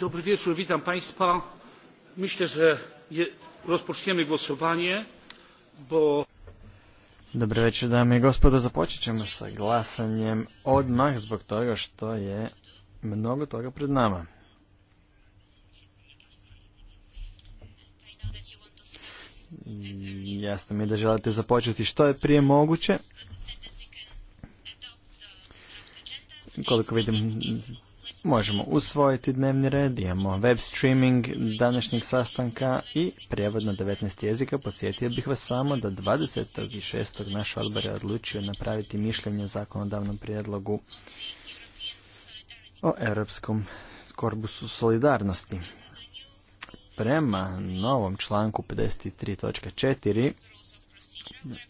Dobry wieczór, witam Państwa. Myślę, że je, rozpoczniemy głosowanie, bo... Dobry večer, dame i gospodo. Započet ćemo sa glasanjem odmah zbog toga što je mnogo toga pred nama. Jasno mi je da želite započeti što je prije moguće. Koliko vidim, možemo usvojiti dnevni red, imamo web streaming današnjeg sastanka i prijevod na 19 jezika. Podsjetio bih vas samo da 20. i naš odbor je odlučio napraviti mišljenje o zakonodavnom prijedlogu o Europskom korbusu solidarnosti. Prema novom članku 53.4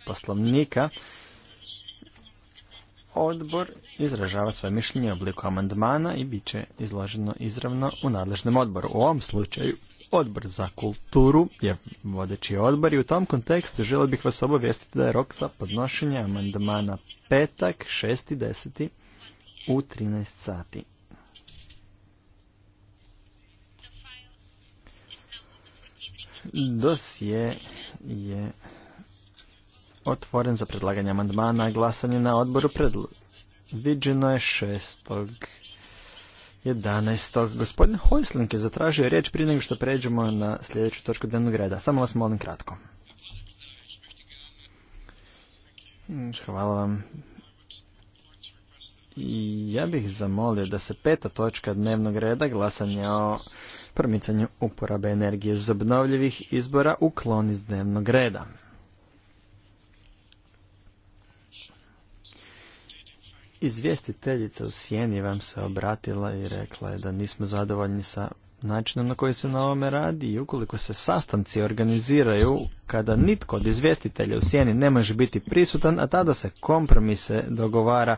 poslovnika odbor izražava svoje mišljenje u obliku amandmana i bit će izloženo izravno u nadležnom odboru. U ovom slučaju odbor za kulturu je vodeći odbor i u tom kontekstu želio bih vas obavijestiti da je rok za podnošenje amandmana petak 6.10. u 13 sati. Dosije je otvoren za predlaganje amandmana, glasanje na odboru viđeno je 6. Gospodin Hojslink je zatražio riječ prije nego što pređemo na sljedeću točku dnevnog reda. Samo vas molim kratko. Hvala vam. Ja bih zamolio da se peta točka dnevnog reda glasanje o promicanju uporabe energije iz obnovljivih izbora ukloni iz dnevnog reda. Izvjestiteljica u Sjeni vam se obratila i rekla je da nismo zadovoljni sa načinom na koji se na ovome radi i ukoliko se sastanci organiziraju kada nitko od izvjestitelja u Sjeni ne može biti prisutan, a tada se kompromise dogovara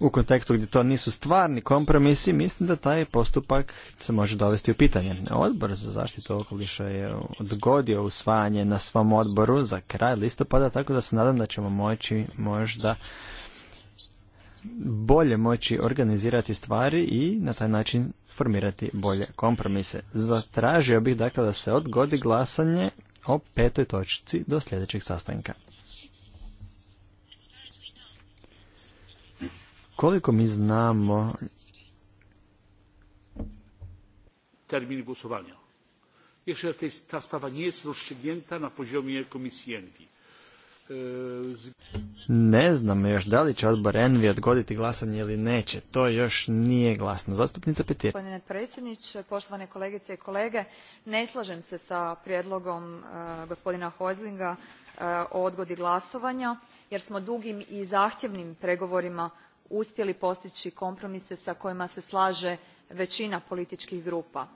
u kontekstu gdje to nisu stvarni kompromisi, mislim da taj postupak se može dovesti u pitanje. Odbor za zaštitu okoliša je odgodio usvajanje na svom odboru za kraj listopada, tako da se nadam da ćemo moći možda bolje moći organizirati stvari i na taj način formirati bolje kompromise. Zatražio bih dakle da se odgodi glasanje o petoj točci do sljedećeg sastanka. Koliko mi znamo termini głosowania. Jeszcze ta sprawa nie jest rozstrzygnięta na poziomie komisji ENVI ne znam još da li će odbor Envi odgoditi glasanje ili neće. To još nije glasno. Zastupnica Petir. Gospodine predsjedniče, poštovane kolegice i kolege, ne slažem se sa prijedlogom e, gospodina Hozlinga e, o odgodi glasovanja, jer smo dugim i zahtjevnim pregovorima uspjeli postići kompromise sa kojima se slaže većina političkih grupa.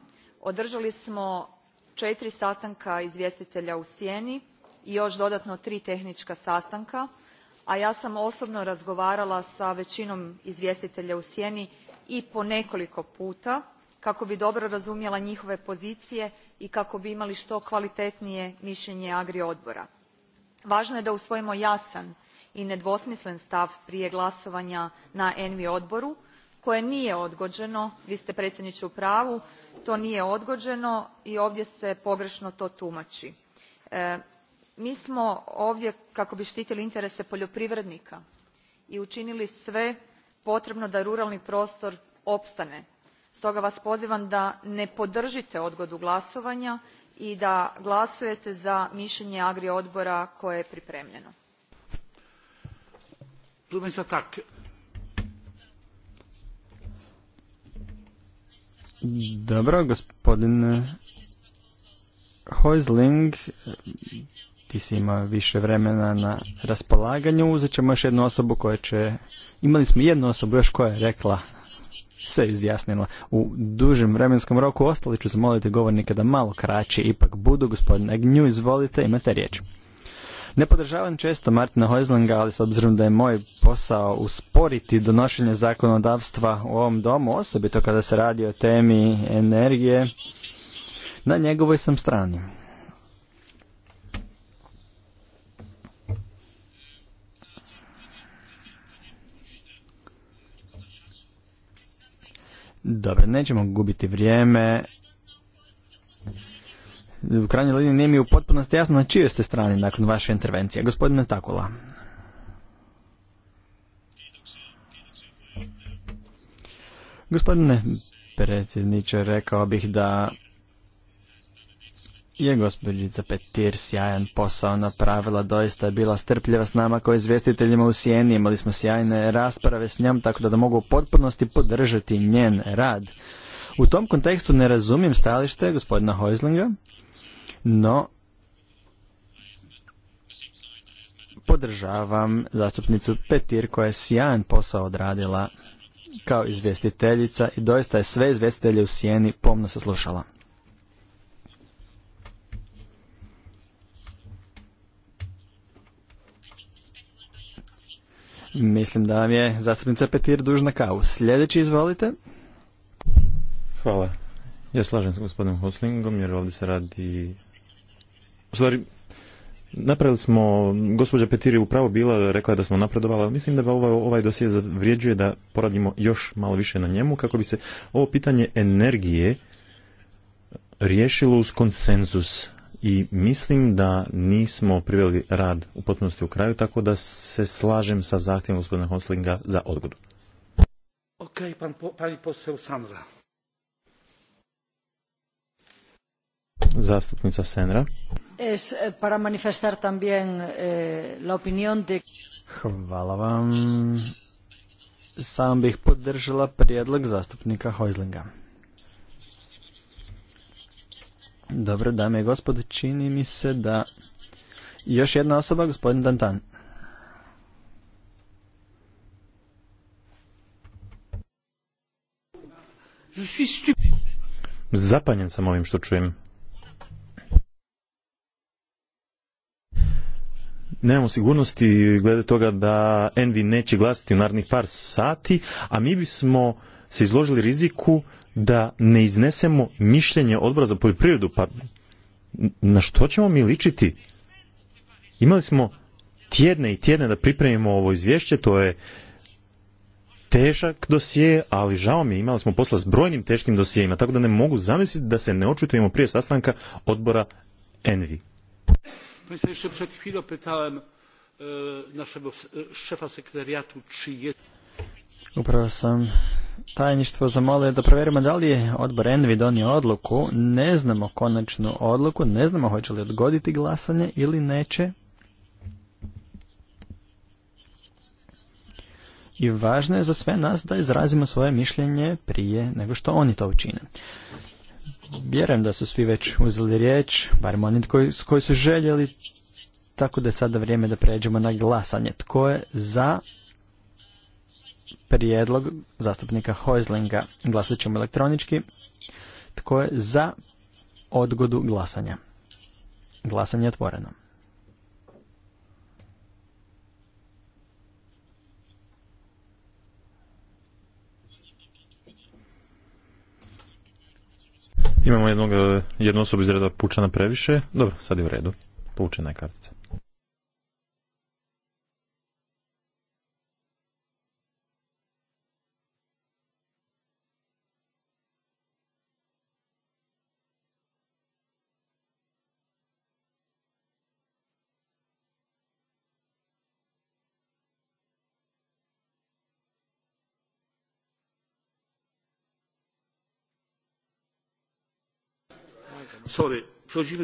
Održali smo četiri sastanka izvjestitelja u sjeni, i još dodatno tri tehnička sastanka a ja sam osobno razgovarala sa većinom izvjestitelja u sjeni i po nekoliko puta kako bi dobro razumjela njihove pozicije i kako bi imali što kvalitetnije mišljenje agri odbora. važno je da usvojimo jasan i nedvosmislen stav prije glasovanja na envi odboru koje nije odgođeno vi ste predsjedniče u pravu to nije odgođeno i ovdje se pogrešno to tumači. E, mi smo ovdje kako bi štitili interese poljoprivrednika i učinili sve potrebno da ruralni prostor opstane stoga vas pozivam da ne podržite odgodu glasovanja i da glasujete za mišljenje agri odbora koje je pripremljeno ti si imao više vremena na raspolaganju. Uzet ćemo još jednu osobu koja će... Imali smo jednu osobu još koja je rekla se izjasnila u dužem vremenskom roku. Ostali ću zamoliti govornike da malo kraće ipak budu. Gospodin Agnju, izvolite, imate riječ. Ne podržavam često Martina Hojzlinga, ali s obzirom da je moj posao usporiti donošenje zakonodavstva u ovom domu, osobito kada se radi o temi energije, na njegovoj sam strani. Dobro, nećemo gubiti vrijeme. U krajnjoj liniji nije mi u potpunosti jasno na čijoj ste strani nakon vaše intervencije. Gospodine Takula. Gospodine predsjedniče, rekao bih da je gospođica Petir sjajan posao napravila, doista je bila strpljiva s nama kao izvjestiteljima u Sijeni, imali smo sjajne rasprave s njom, tako da, da mogu u potpunosti podržati njen rad. U tom kontekstu ne razumijem stajalište gospodina Hojzlinga, no podržavam zastupnicu Petir koja je sjajan posao odradila kao izvjestiteljica i doista je sve izvjestitelje u Sijeni pomno saslušala. Mislim da vam je zastupnica Petir dužna kao. Sljedeći izvolite. Hvala. Ja slažem s gospodinom Hoslingom jer ovdje se radi... U stvari, napravili smo, gospođa Petir je upravo bila, rekla da smo napredovali, ali mislim da ovaj, ovaj dosije zavrijeđuje da poradimo još malo više na njemu kako bi se ovo pitanje energije riješilo uz konsenzus i mislim da nismo priveli rad u potpunosti u kraju, tako da se slažem sa zahtjevom gospodina Honslinga za odgodu. Ok, pan, pani posao Sandra. Zastupnica Senra. Es eh, para manifestar también eh, la opinión de... Hvala vam. Sam bih podržala prijedlog zastupnika Hojzlinga. Dobro, dame i gospod, čini mi se da još jedna osoba, gospodin Dantan. Zapanjen sam ovim što čujem. nemamo sigurnosti glede toga da Envi neće glasiti u narednih par sati, a mi bismo se izložili riziku da ne iznesemo mišljenje odbora za poljoprivredu, pa na što ćemo mi ličiti? Imali smo tjedne i tjedne da pripremimo ovo izvješće, to je težak dosije, ali žao mi je, imali smo posla s brojnim teškim dosijima, tako da ne mogu zamisliti da se ne očitujemo prije sastanka odbora Envi. Państwa, još przed chwilą e, Upravo sam tajništvo zamolio da provjerimo da li je odbor Envi donio odluku. Ne znamo konačnu odluku, ne znamo hoće li odgoditi glasanje ili neće. I važno je za sve nas da izrazimo svoje mišljenje prije nego što oni to učine. Vjerujem da su svi već uzeli riječ, barem oni koji, koji su željeli, tako da je sada vrijeme da pređemo na glasanje. Tko je za prijedlog zastupnika Hojzlinga. Glasat ćemo elektronički. Tko je za odgodu glasanja? Glasanje je otvoreno. Imamo jednog, eh, jednu osobu iz reda pučana previše. Dobro, sad je u redu. Poučena je kartica. Sorry,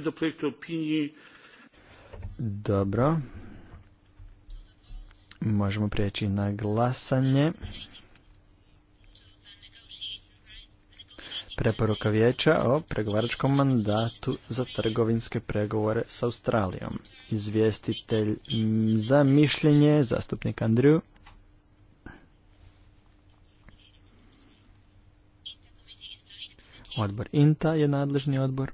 do projektu opinii. Dobro. Možemo prijeći na glasanje. Preporuka vijeća o pregovaračkom mandatu za trgovinske pregovore s Australijom. Izvjestitelj za mišljenje, zastupnik Andriju. Odbor INTA je nadležni odbor.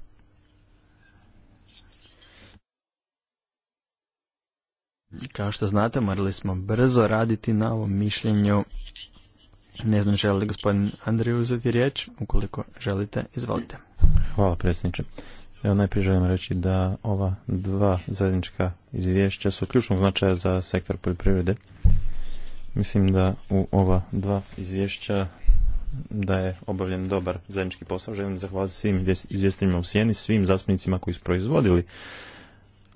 Kao što znate, morali smo brzo raditi na ovom mišljenju. Ne znam, želi li gospodin Andriju uzeti riječ? Ukoliko želite, izvolite. Hvala predsjedniče. Evo najprije želim reći da ova dva zajednička izvješća su ključnog značaja za sektor poljoprivrede. Mislim da u ova dva izvješća da je obavljen dobar zajednički posao. Želim zahvaliti svim izvjestiteljima u Sijeni, svim zastupnicima koji su proizvodili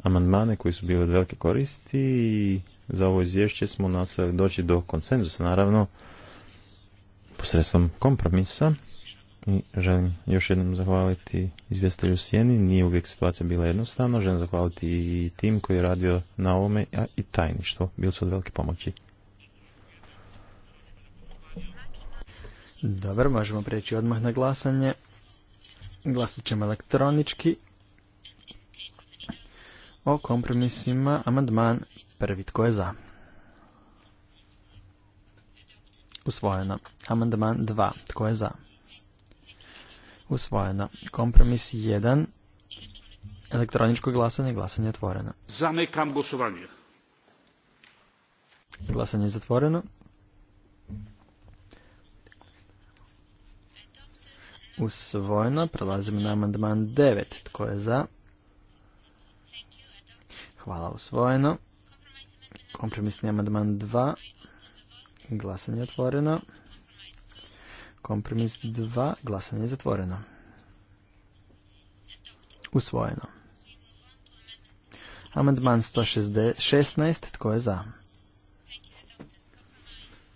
amandmane koji su bili od velike koristi i za ovo izvješće smo nastavili doći do konsenzusa, naravno, posredstvom kompromisa. I želim još jednom zahvaliti izvjestelju Sjeni, nije uvijek situacija bila jednostavna, želim zahvaliti i tim koji je radio na ovome, a i tajništvo, bili su od velike pomoći. Dobro, možemo preći odmah na glasanje. Glasat ćemo elektronički o kompromisima. Amandman prvi tko je za. Usvojeno. Amandman dva, Tko je za? Usvojeno. Kompromis jedan, Elektroničko glasanje. Glasanje otvoreno. Zamekam glasovanje. Glasanje je zatvoreno. Usvojeno. Prelazimo na amandman 9. Tko je za? Hvala, usvojeno. Kompromisni amandman 2. Glasanje otvoreno. Kompromis 2. Glasanje je zatvoreno. Usvojeno. Amandman 116. Tko je za?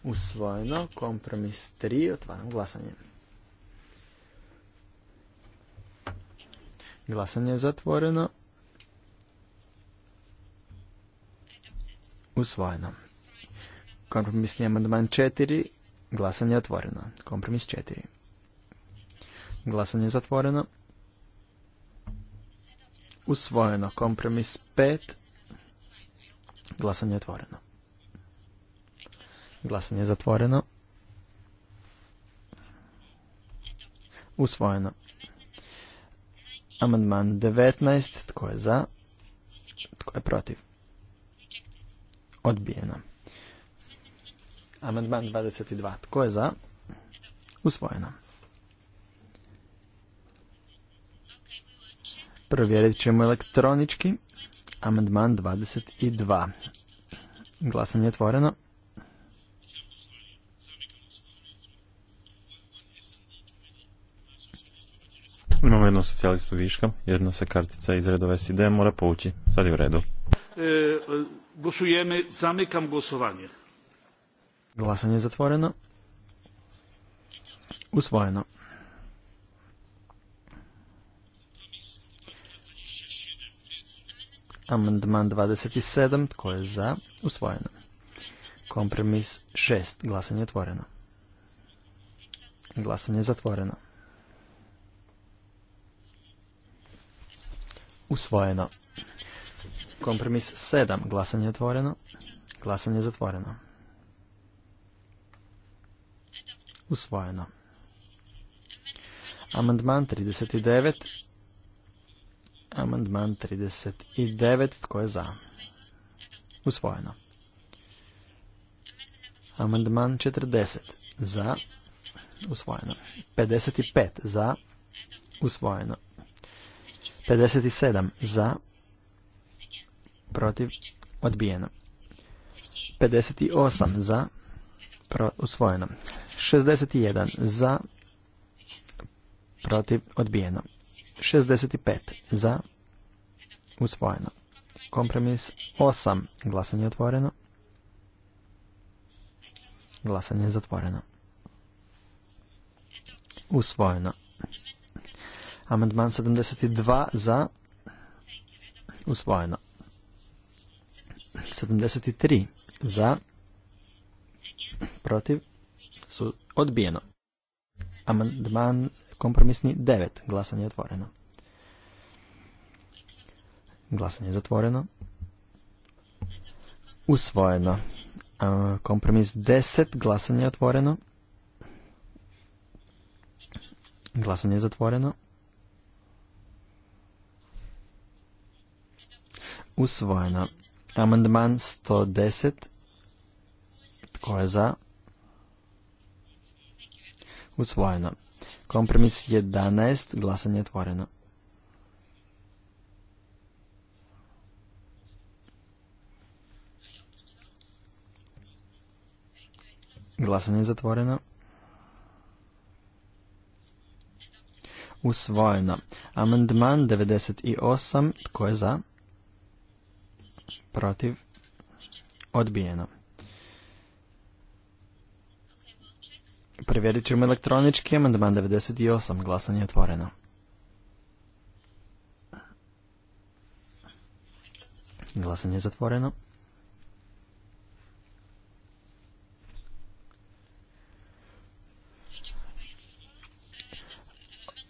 Usvojeno. Kompromis 3. Otvaram glasanje. Glasanje je zatvoreno. usvojeno. Kompromisni amandman 4, glasanje otvoreno. Kompromis 4. Glasanje je zatvoreno. Usvojeno. Kompromis 5. Glasanje je otvoreno. Glasanje je zatvoreno. Usvojeno. Amandman devetnaest. Tko je za? Tko je protiv? Odbijeno. Amandman 22. Tko je za? Usvojeno. Provjerit ćemo elektronički. Amandman 22. Glasanje je otvoreno. Imamo jednu socijalistu viška, jedna se kartica iz redove SID mora povući. Sad je u redu. E, głosujemy. Zamykam głosowanie. Głosowanie zatvoreno. Usvojeno. Amandman 27. Tko je za? Usvojeno. Kompromis 6. Glasanje otvoreno. Glasanje zatvoreno. Usvojeno. Kompromis 7. Glasanje je otvoreno. Glasanje zatvoreno. Usvojeno. Amandman 39. Amandman 39. Tko je za? Usvojeno. Amandman 40. Za. Usvojeno. 55. Za. Usvojeno. 57. Za. Usvojeno protiv, odbijeno. 58 za, pro, usvojeno. 61 za, protiv, odbijeno. 65 za, usvojeno. Kompromis 8, glasanje otvoreno. Glasanje je zatvoreno. Usvojeno. Amandman 72 za, usvojeno. 73 za, protiv, su odbijeno. Amandman kompromisni 9. Glasanje je otvoreno. Glasanje je zatvoreno. Usvojeno. Kompromis 10. Glasanje je otvoreno. Glasanje je zatvoreno. Usvojeno. Amandman 110. Tko je za? Usvojeno. Kompromis 11. Glasanje je otvoreno. Glasanje je zatvoreno. Usvojeno. Amandman 98. Tko je za? protiv, odbijeno. Provjerit ćemo elektronički amandman 98. Glasanje je otvoreno. Glasanje je zatvoreno.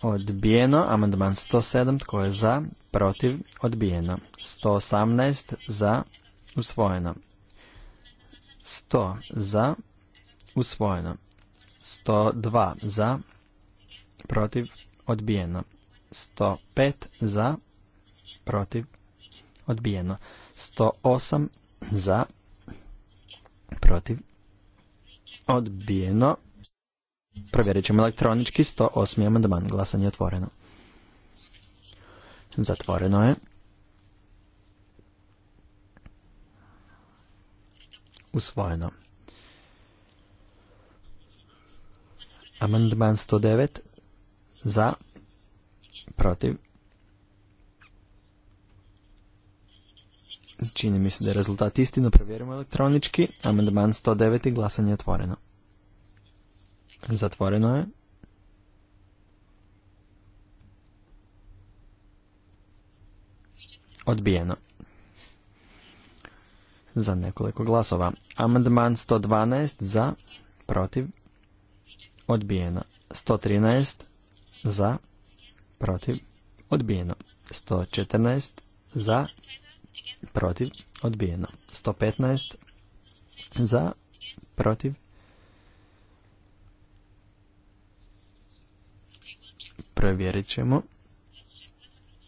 Odbijeno. Amandman 107. Tko je za? protiv, odbijeno. 118 za, usvojeno. 100 za, usvojeno. 102 za, protiv, odbijeno. 105 za, protiv, odbijeno. 108 za, protiv, odbijeno. Provjerit ćemo elektronički 108. amandman. Glasanje otvoreno. Zatvoreno je. Usvojeno. Amandman 109 za, protiv. Čini mi se da je rezultat istinu, provjerimo elektronički. Amandman 109 i glasanje je otvoreno. Zatvoreno je. odbijeno. Za nekoliko glasova. Amandman 112 za, protiv, odbijeno. 113 za, protiv, odbijeno. 114 za, protiv, odbijeno. 115 za, protiv, provjerit ćemo.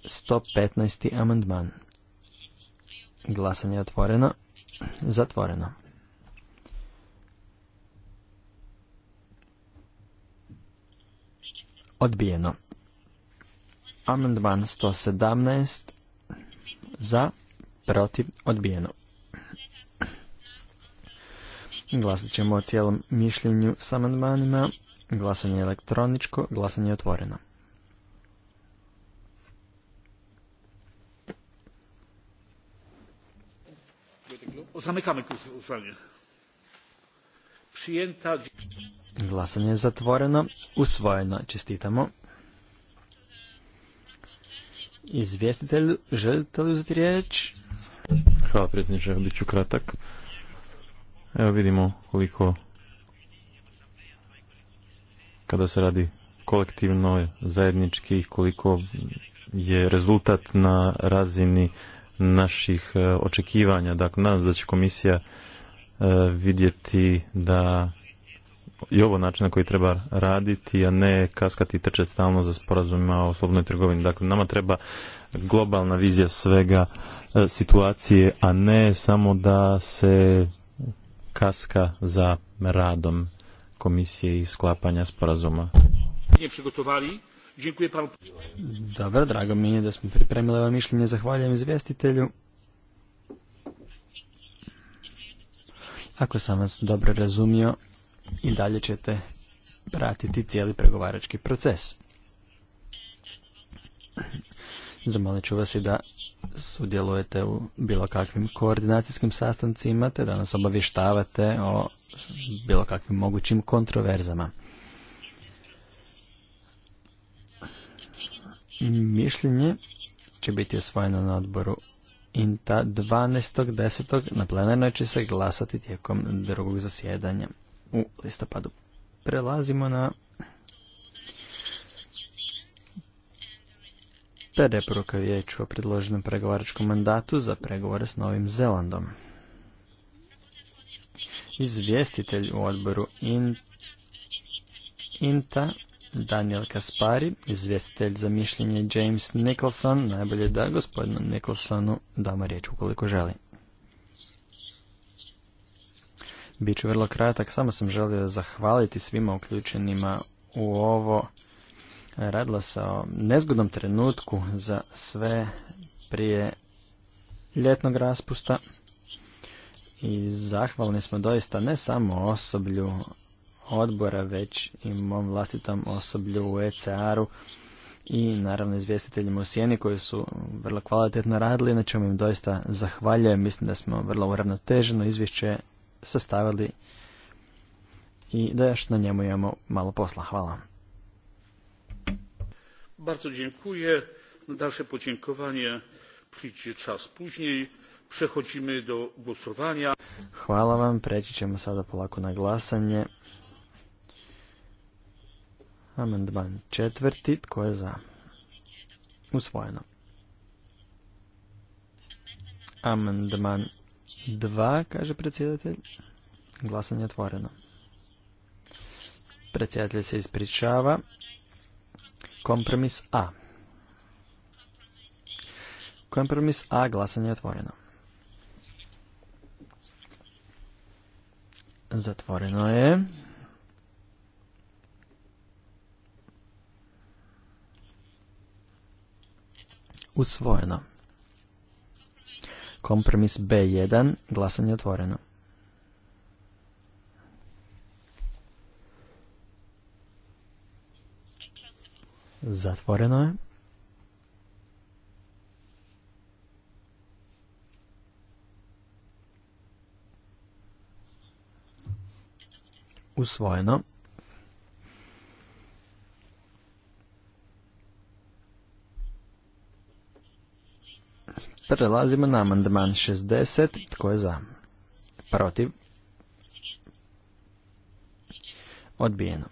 115. amandman. Glasanje je otvoreno. Zatvoreno. Odbijeno. Amandman 117. Za. Protiv. Odbijeno. Glasat ćemo o cijelom mišljenju s amandmanima. Glasanje je elektroničko. Glasanje je otvoreno. Zamykamy głosowanie. Przyjęta. Glasanje je zatvoreno. Usvojeno. Čestitamo. Izvjestitelju, želite li uzeti riječ? Hvala predsjedniče, bit kratak. Evo vidimo koliko kada se radi kolektivno, zajednički, koliko je rezultat na razini naših e, očekivanja. Dakle, nadam se da će komisija e, vidjeti da je ovo način na koji treba raditi, a ne kaskati i trčati stalno za sporazumima o slobodnoj trgovini. Dakle, nama treba globalna vizija svega e, situacije, a ne samo da se kaska za radom komisije i sklapanja sporazuma. Dobro, drago mi je da smo pripremili ovo mišljenje. Zahvaljujem izvjestitelju. Ako sam vas dobro razumio, i dalje ćete pratiti cijeli pregovarački proces. Zamolit ću vas i da sudjelujete u bilo kakvim koordinacijskim sastancima te da nas obavještavate o bilo kakvim mogućim kontroverzama. Mišljenje će biti osvojeno na odboru INTA 12.10. Na plenarnoj će se glasati tijekom drugog zasjedanja u listopadu. Prelazimo na preporuka vijeću o predloženom pregovaračkom mandatu za pregovore s Novim Zelandom. Izvjestitelj u odboru INTA Daniel Kaspari, izvjestitelj za mišljenje James Nicholson. Najbolje da gospodinu Nicholsonu damo riječ ukoliko želi. Biću vrlo kratak, samo sam želio zahvaliti svima uključenima u ovo. Radila se o nezgodnom trenutku za sve prije ljetnog raspusta i zahvalni smo doista ne samo osoblju odbora, već i mom vlastitom osoblju u ECR-u i naravno izvjestiteljima u Sjeni koji su vrlo kvalitetno radili, na čemu im doista zahvaljujem. Mislim da smo vrlo uravnoteženo izvješće sastavili i da još na njemu imamo malo posla. Hvala. Bardzo dziękuję. Na dalsze podziękowanie przyjdzie czas później. Przechodzimy do głosowania. Hvala vam, preći ćemo sada polako na glasanje. Amendman četvrti, tko je za? Usvojeno. Amandman dva, kaže predsjedatelj. Glasanje je otvoreno. Predsjedatelj se ispričava. Kompromis A. Kompromis A, glasanje je otvoreno. Zatvoreno je. Usvojeno. Kompromis B1. Glasanje otvoreno. Zatvoreno je. Usvojeno. Prelazimo na amandman 60. Tko je za? Protiv? Odbijeno.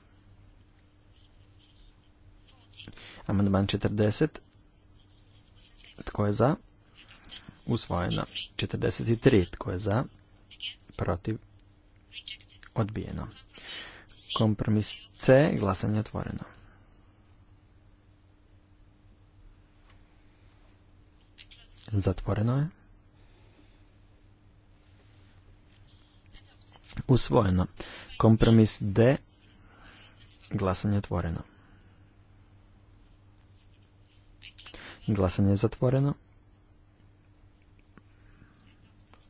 Amandman 40. Tko je za? Usvojeno. 43. Tko je za? Protiv? Odbijeno. Kompromis C. Glasanje otvoreno. Zatvoreno je. Usvojeno. Kompromis D. Glasanje otvoreno. Glasanje je zatvoreno.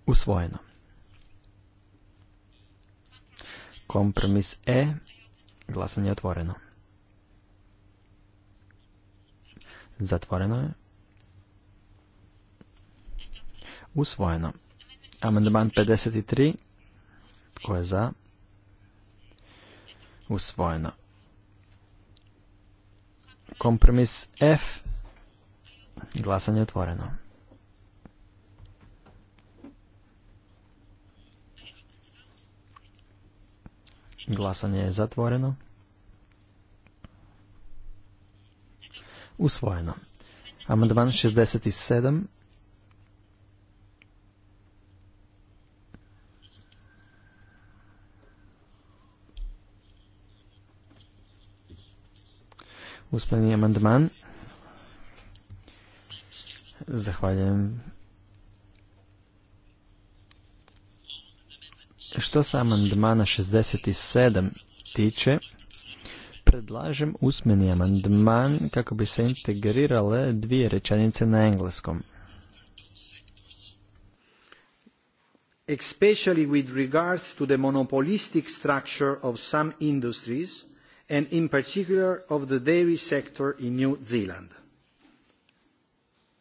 Usvojeno. Kompromis E. Glasanje otvoreno. Zatvoreno je. Usvojeno. Amandman 53. Tko je za? Usvojeno. Kompromis F. Glasanje otvoreno. Glasanje je zatvoreno. Usvojeno. Amandman 67. Usmeni amandman. Zahvaljujem. Što se amandmana 67 tiče, predlažem usmeni amandman kako bi se integrirale dvije rečenice na engleskom. Especially with regards to the monopolistic structure of some industries, and in particular of the dairy sector in New Zealand.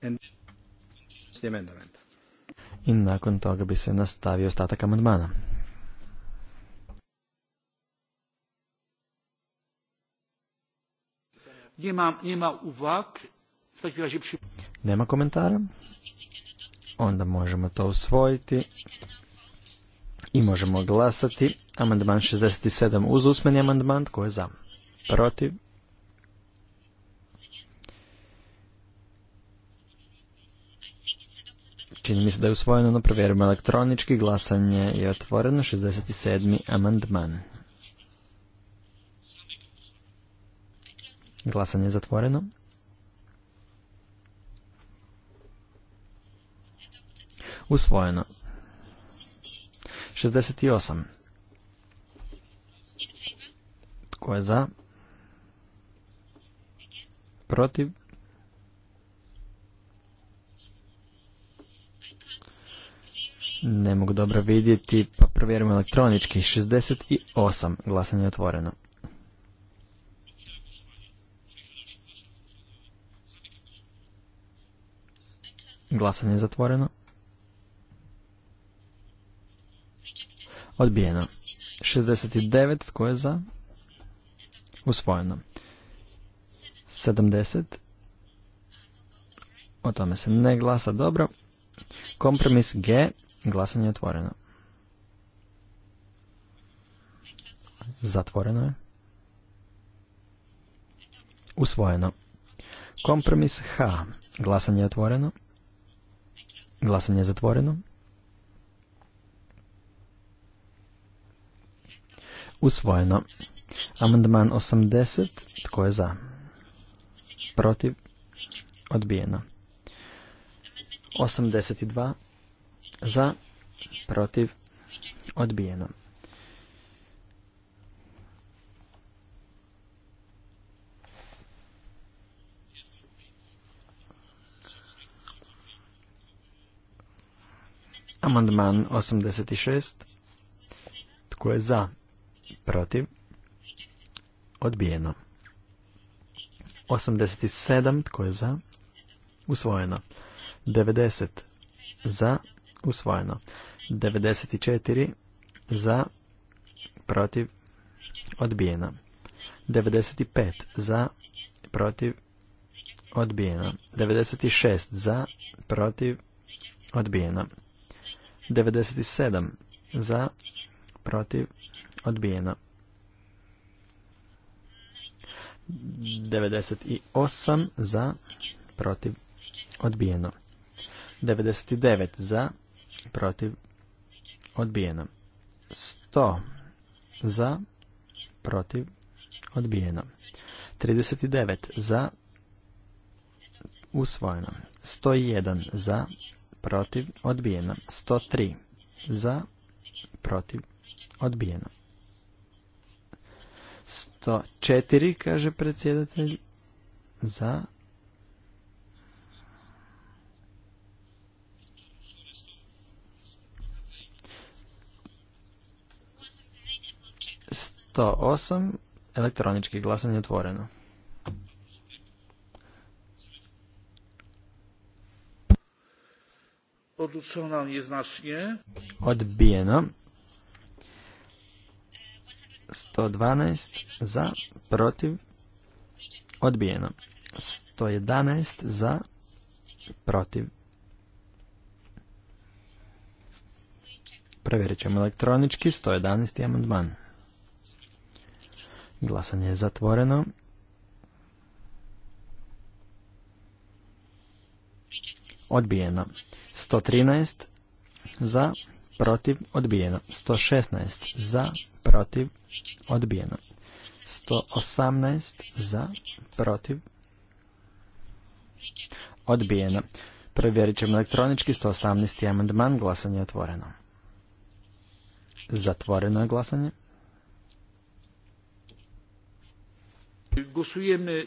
And the amendment. I nakon toga bi se nastavio ostatak amandmana. Nie nema nie Nema komentara. Onda možemo to usvojiti. I možemo glasati. Amandman 67 uz usmeni amandman. Tko je za? protiv, Čini mi se da je usvojeno, no provjerimo elektronički. Glasanje je otvoreno. 67. amandman. Glasanje je zatvoreno. Usvojeno. 68. Tko je za? Protiv? Ne mogu dobro vidjeti, pa provjerimo elektronički. 68. Glasanje je otvoreno. Glasanje je zatvoreno. Odbijeno. 69. Tko je za? Usvojeno. 70. O tome se ne glasa dobro. Kompromis G. Glasanje je otvoreno. Zatvoreno je. Usvojeno. Kompromis H. Glasanje je otvoreno. Glasanje je zatvoreno. Usvojeno. Amandman 80. Tko je za? protiv, odbijeno. 82 za, protiv, odbijeno. Amandman 86. Tko je za? Protiv? Odbijeno. 87. Tko je za? Usvojeno. 90. Za. Usvojeno. 94. Za. Protiv. Odbijeno. 95. Za. Protiv. Odbijeno. 96. Za. Protiv. Odbijeno. 97. Za. Protiv. Odbijeno. 98 za, protiv, odbijeno. 99 za, protiv, odbijeno. 100 za, protiv, odbijeno. 39 za, usvojeno. 101 za, protiv, odbijeno. 103 za, protiv, odbijeno. 104, kaže predsjedatelj, za. 108 osam, elektronički glasanje otvoreno. Odbijeno. 112 za, protiv, odbijeno. 111 za, protiv. Provjerit ćemo elektronički 111. amandman. Glasanje je zatvoreno. Odbijeno. 113 za, protiv, odbijeno. 116 za, protiv, odbijeno. 118 za, protiv, odbijeno. Provjerit ćemo elektronički 118. amandman, glasanje je otvoreno. Zatvoreno je glasanje.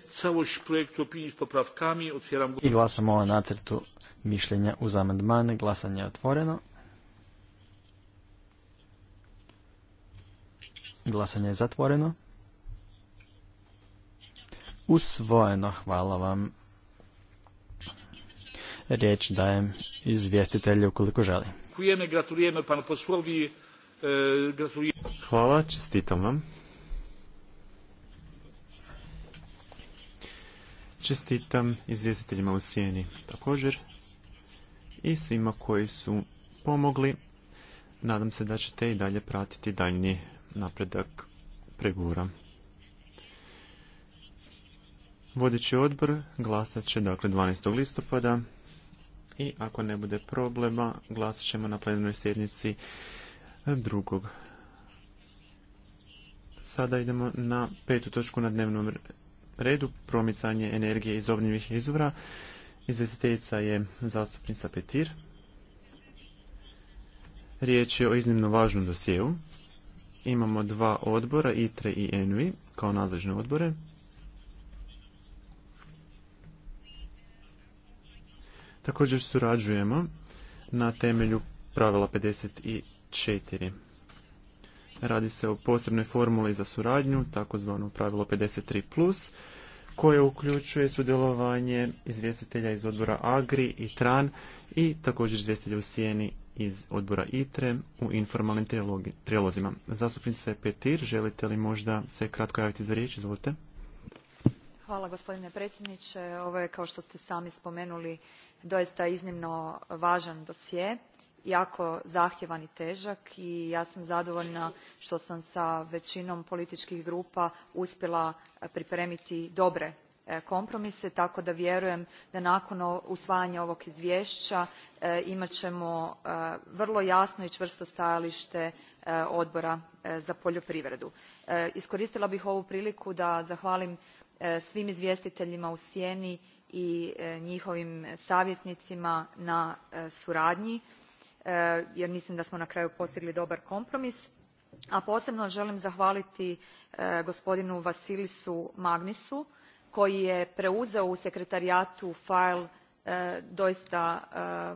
całość projektu opinii s popravkami. I glasamo o nacrtu mišljenja uz amandmane. Glasanje je otvoreno. Glasanje je zatvoreno. Usvojeno, hvala vam. Riječ dajem izvjestitelju ukoliko želi. E, hvala, čestitam vam. Čestitam izvjestiteljima u Sijeni također i svima koji su pomogli. Nadam se da ćete i dalje pratiti daljnji napredak pregura. Vodeći odbor glasat će dakle 12. listopada i ako ne bude problema glasat ćemo na plenarnoj sjednici drugog. Sada idemo na petu točku na dnevnom redu, promicanje energije iz obnjivih izvora. Izvjestiteljica je zastupnica Petir. Riječ je o iznimno važnom dosjeu. Imamo dva odbora, ITRE i ENVI, kao nadležne odbore. Također surađujemo na temelju pravila 54. Radi se o posebnoj formuli za suradnju, takozvano pravilo 53+, koje uključuje sudjelovanje izvjestitelja iz odbora AGRI i TRAN i također izvjestitelja u Sijeni iz odbora ITRE u informalnim trijalozima. Zastupnice Petir, želite li možda se kratko javiti za riječ? Izvolite. Hvala gospodine predsjedniče. Ovo je kao što ste sami spomenuli doista iznimno važan dosje, jako zahtjevan i težak i ja sam zadovoljna što sam sa većinom političkih grupa uspjela pripremiti dobre E, kompromise tako da vjerujem da nakon usvajanja ovog izvješća e, imat ćemo e, vrlo jasno i čvrsto stajalište odbora za poljoprivredu. iskoristila bih ovu priliku da zahvalim svim izvjestiteljima u sjeni i njihovim savjetnicima na suradnji jer mislim da smo na kraju postigli dobar kompromis a posebno želim zahvaliti gospodinu Vasilisu magnisu koji je preuzeo u sekretarijatu file e, doista e,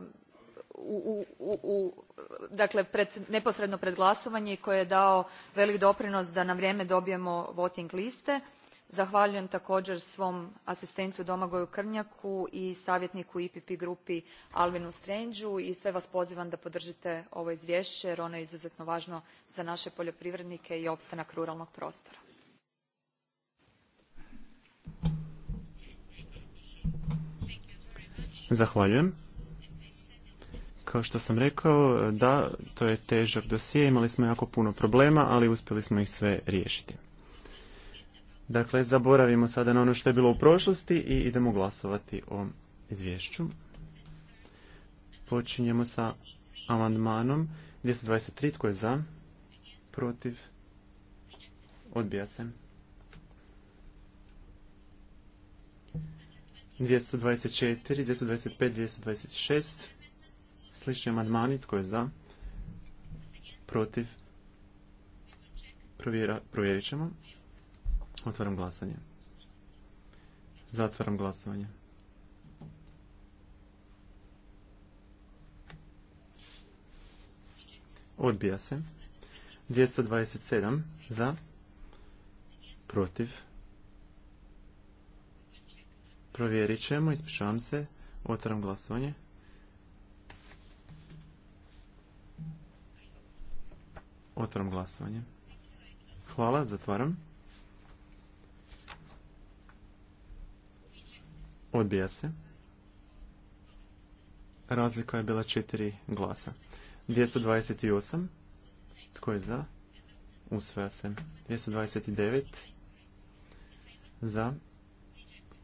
dakle neposredno pred glasovanje i koji je dao velik doprinos da na vrijeme dobijemo voting liste. Zahvaljujem također svom asistentu Domagoju Krnjaku i savjetniku IPP grupi Alvinu Strangeu i sve vas pozivam da podržite ovo izvješće jer ono je izuzetno važno za naše poljoprivrednike i opstanak ruralnog prostora. Zahvaljujem. Kao što sam rekao, da, to je težak dosije, imali smo jako puno problema, ali uspjeli smo ih sve riješiti. Dakle, zaboravimo sada na ono što je bilo u prošlosti i idemo glasovati o izvješću. Počinjemo sa amandmanom 223, tko je za, protiv, odbija se. 224, 225, 226. Slični amandmani. Tko je za? Protiv? provjerit ćemo. Otvaram glasanje. Zatvaram glasovanje. Odbija se. 227 za. Protiv. Provjerit ćemo, ispričavam se. Otvaram glasovanje. Otvaram glasovanje. Hvala, zatvaram. Odbija se. Razlika je bila četiri glasa. 228. Tko je za? Usvaja se. 229. Za.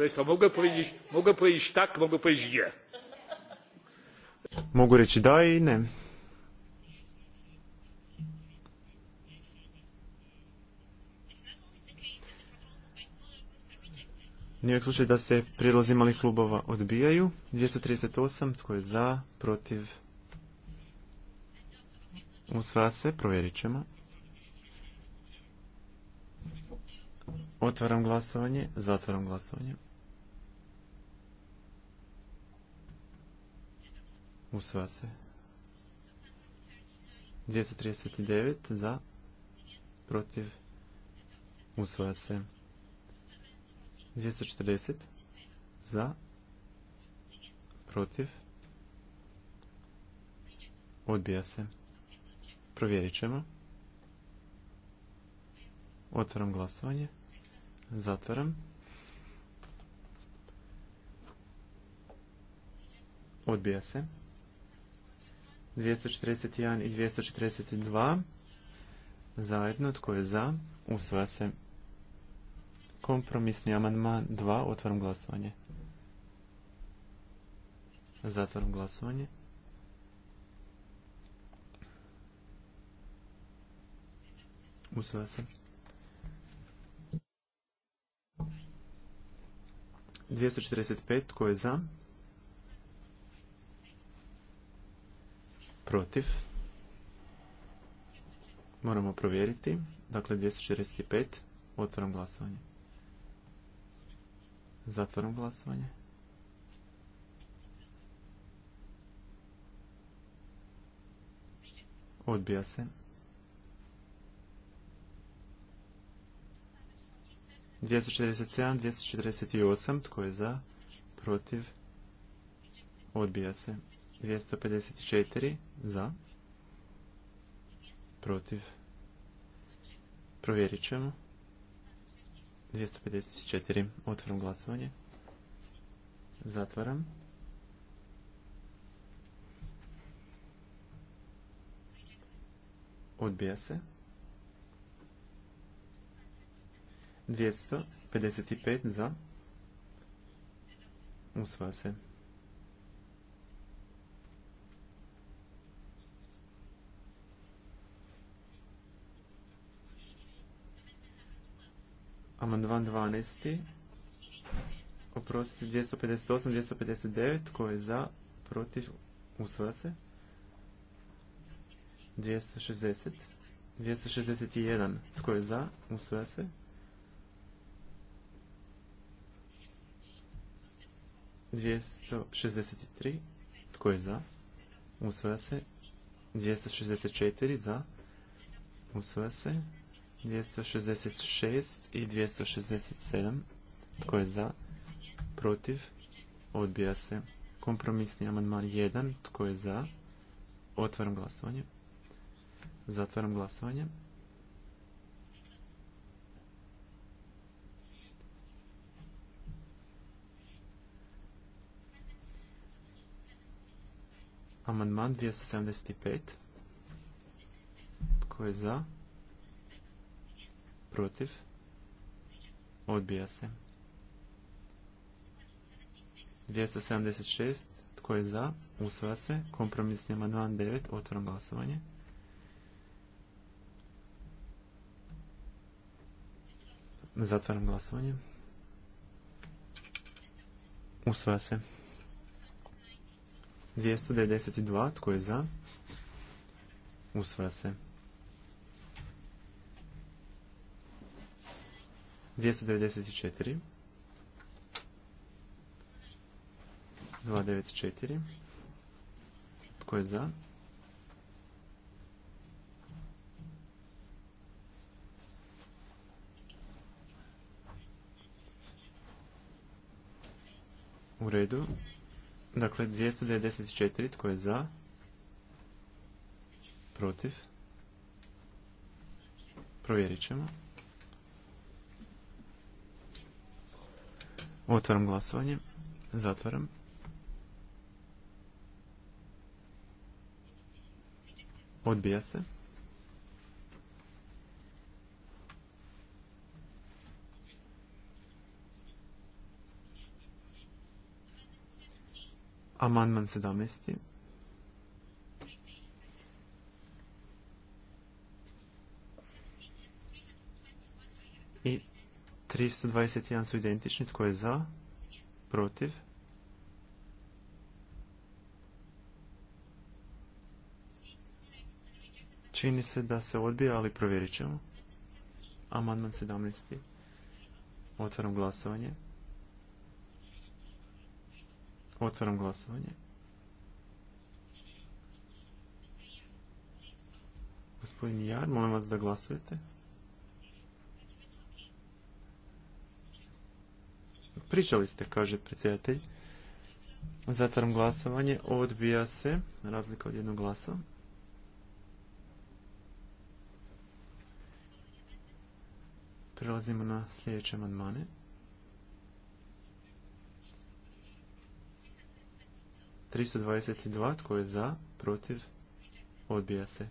Państwa, mogę powiedzieć, mogę powiedzieć tak, mogę powiedzieć nie. Mogu reći da i ne. Nije slučaj da se prilozi malih klubova odbijaju. 238, tko je za, protiv, usva se, provjerit ćemo. Otvaram glasovanje, zatvaram glasovanje. Usvaja se. 239 za. Protiv. Usvaja se. 240 za. Protiv. Odbija se. Provjerit ćemo. Otvaram glasovanje. Zatvaram. Odbija se. 241 i 242 zajedno, tko je za, usvaja se. Kompromisni amandman 2, otvaram glasovanje. Zatvaram glasovanje. Usvaja se. 245, tko je za? protiv. Moramo provjeriti. Dakle, 265. Otvaram glasovanje. Zatvaram glasovanje. Odbija se. 247, 248. Tko je za? Protiv? Odbija se. 254 za. Protiv. Provjerit ćemo. 254. Otvaram glasovanje. Zatvaram. Odbija se. 255 za. Usvaja se. Amandman 12. Oprostite, 258, 259. Tko je za? Protiv? usvoja se. 260. 261. Tko je za? usvoja se. 263. Tko je za? Usvoja se. 264. Za? Usvoja se. 266 i 267. Tko je za? Protiv? Odbija se. Kompromisni amandman 1. Tko je za? Otvaram glasovanje. Zatvaram glasovanje. Amandman 275. Tko je za? protiv, odbija se. 276, tko je za, usva se, kompromisni amandman 29. otvoram glasovanje. Zatvaram glasovanje. Usvaja se. 292. Tko je za? Usva se. 294. 294. Tko je za? U redu. Dakle, 294. Tko je za? Protiv? Provjerit ćemo. Otvaram glasovanje. Zatvaram. Odbija se. Amandman 17. 321 su identični. Tko je za? Protiv? Čini se da se odbija, ali provjerit ćemo. Amandman 17. Otvaram glasovanje. Otvaram glasovanje. Gospodin Jar, molim vas da glasujete. Pričali ste, kaže predsjedatelj. Zatvaram glasovanje. Odbija se. Razlika od jednog glasa. Prelazimo na sljedeće amandmane. 322. Tko je za? Protiv? Odbija se.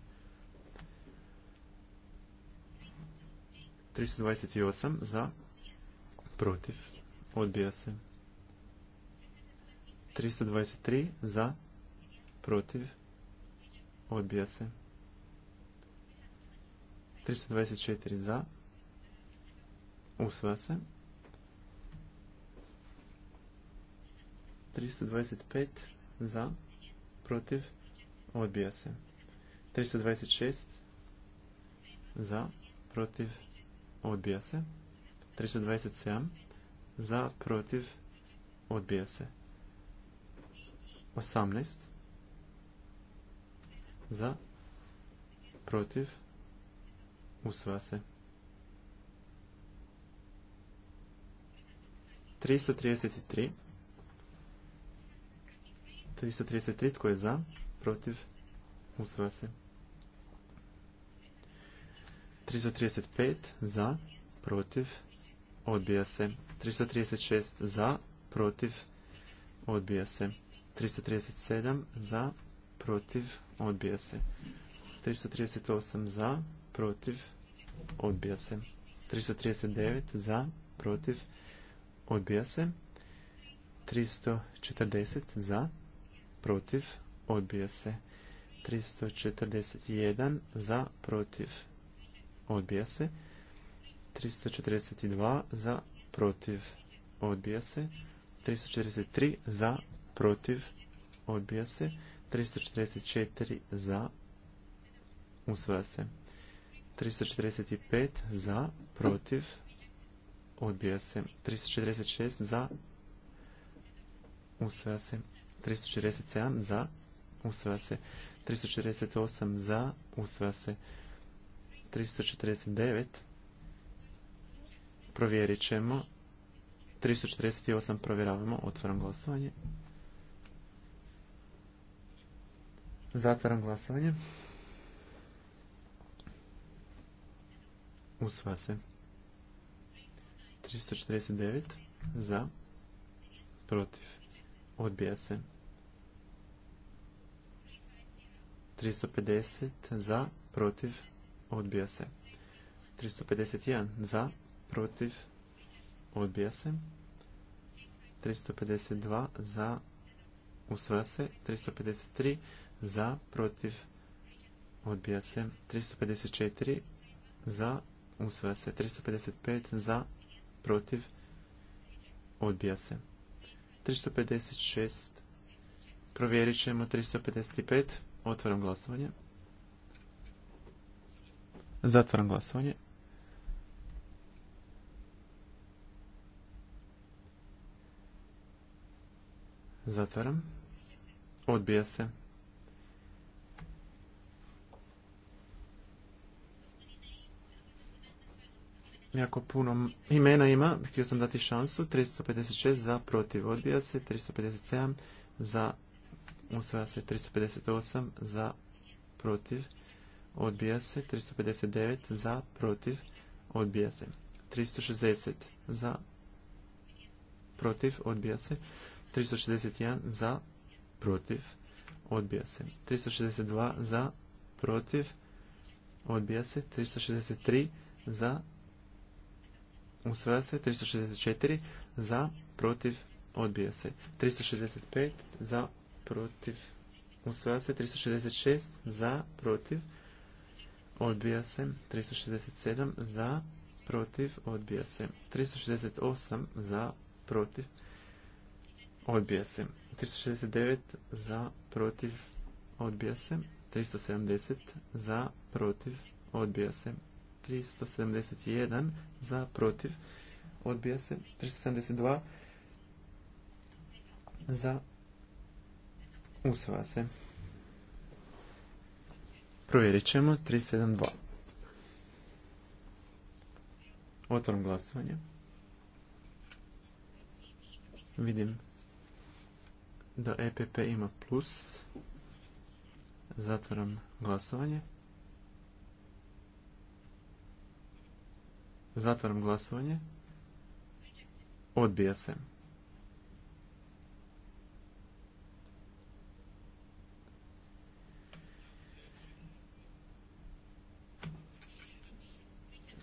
328. Za? Protiv? Odbija se. 323 za, protiv, odbija se. 324 za, usva se. 325 za, protiv, odbija se. 326 za, protiv, odbija se. 327 za, za, protiv, odbija se. 18 za, protiv, usva se. 333 333 tko je za, protiv, usva se. 335 za, protiv, odbija se. 336 za, protiv, odbija se. 337 za, protiv, odbija se. 338 za, protiv, odbija se. 339 za, protiv, odbija se. 340 za, protiv, odbija se. 341 za, protiv, odbija se. 342 za, protiv, odbija se. 343 za, protiv, odbija se. 344 za, usvaja se. 345 za, protiv, odbija se. 346 za, usvaja se. 347 za, usvaja se. 348 za, usvaja se. 349 Provjerit ćemo. 348 provjeravamo. Otvaram glasovanje. Zatvaram glasovanje. Usva se. 349 za. Protiv. Odbija se. 350 za. Protiv. Odbija se. 351 za protiv, odbija se. 352 za, usvaja se. 353 za, protiv, odbija se. 354 za, usvaja se. 355 za, protiv, odbija se. 356 Provjerit ćemo 355. Otvaram glasovanje. Zatvaram glasovanje. Zatvaram. Odbija se. Jako puno imena ima, htio sam dati šansu. 356 za, protiv, odbija se. 357 za, usvaja se. 358 za, protiv, odbija se. 359 za, protiv, odbija se. 360 za, protiv, odbija se. 361 za, protiv, odbija se. 362 za, protiv, odbija se. 363 za, usvaja se. 364 za, protiv, odbija se. 365 za, protiv, usvaja se. 366 za, protiv, odbija se. 367 za, protiv, odbija se. 368 za, protiv, odbija se. 369 za, protiv, odbija se. 370 za, protiv, odbija se. 371 za, protiv, odbija se. 372 za, usva se. Provjerit ćemo 372. Otvorim glasovanje. Vidim da EPP ima plus. Zatvaram glasovanje. Zatvaram glasovanje. Odbija se.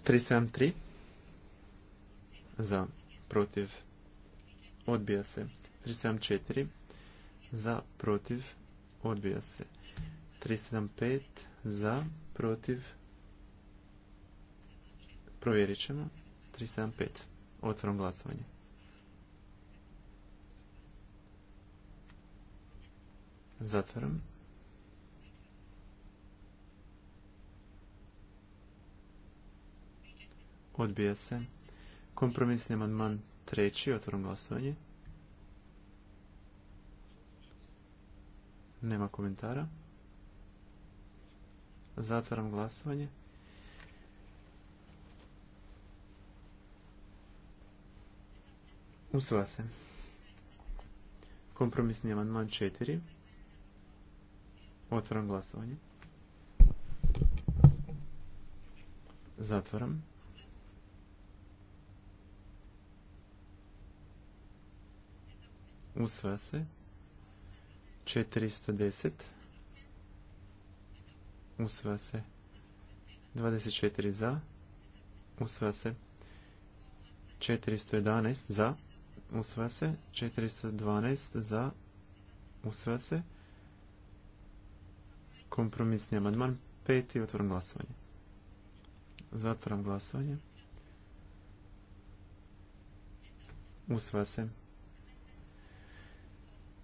Tri tri za protiv odbija se. 374 za, protiv, odbija se. 375 za, protiv, provjerit ćemo. 375, otvorom glasovanje. Zatvaram. Odbija se. Kompromisni amandman treći, otvorom glasovanje. Nema komentara. Zatvaram glasovanje. Usvaja se. Kompromisni amandman četiri. Otvaram glasovanje. Zatvaram. Usvaja se. 410. Usva se. 24 za. Usva se. 411 za. Usva se. 412 za. Usva se. Kompromisni amadman. Peti. otvorim glasovanje. zatvorom glasovanje. Usva se.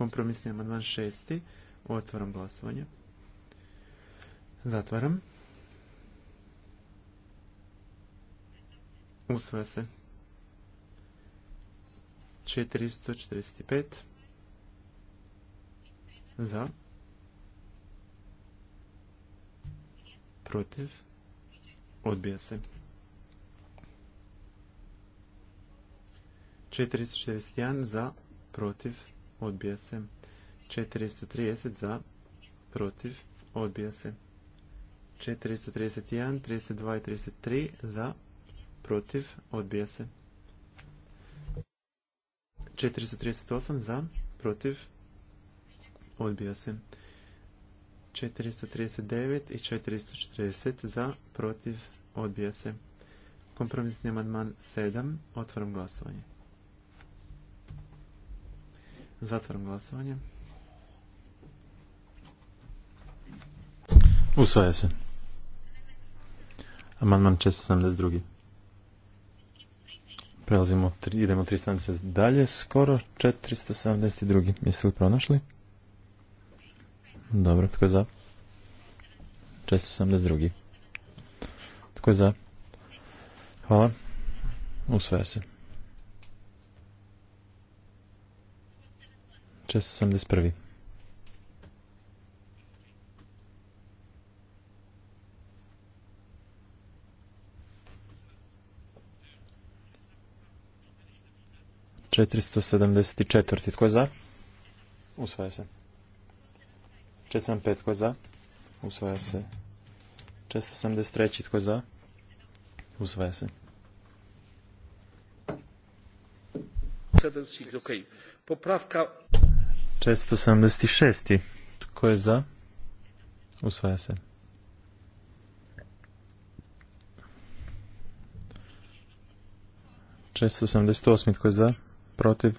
Kompromisni amandman šesti. Otvaram glasovanje. Zatvaram. Usvaja se. 445. Za. Protiv. Odbija se. jedan za, protiv, odbija se. 430 za, protiv, odbija se. 431, 32 i 33 za, protiv, odbija se. 438 za, protiv, odbija se. 439 i 440 za, protiv, odbija se. Kompromisni amandman 7, otvaram glasovanje. Zatvaram glasovanje. Usvaja se. Amandman 472. Prelazimo, idemo 370 dalje, skoro 472. Jeste li pronašli? Dobro, tko je za? 472. Tko je za? Hvala. Usvaja se. sam 681. Četiristo sedamdeset četvrti. Tko je za? Usvaja se. Četiristo sedam pet. Tko je za? Usvaja se. Četiristo sedamdeset treći. Tko je za? Usvaja se. sedam Poprawka 476. Tko je za? Usvaja se. Često tko je za, protiv,